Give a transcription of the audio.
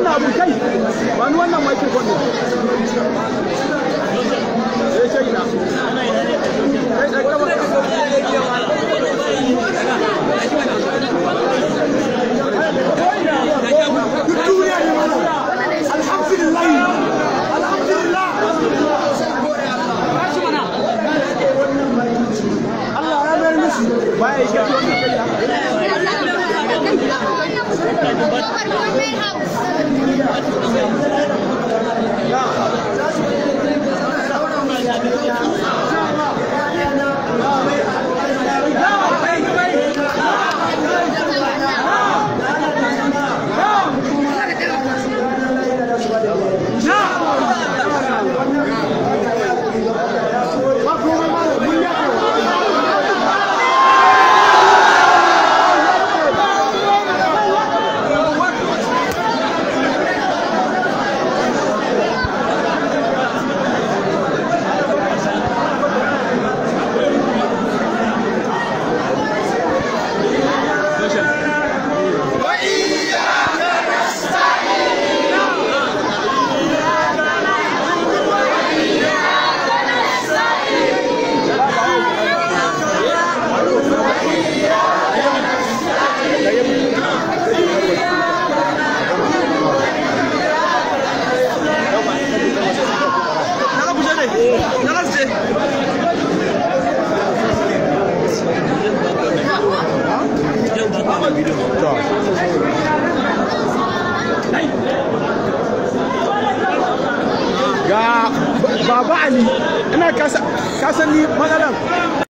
wannan abu kai ba ni wannan microphone ne eh sai ina ga baba ali ina kasan ni matsalar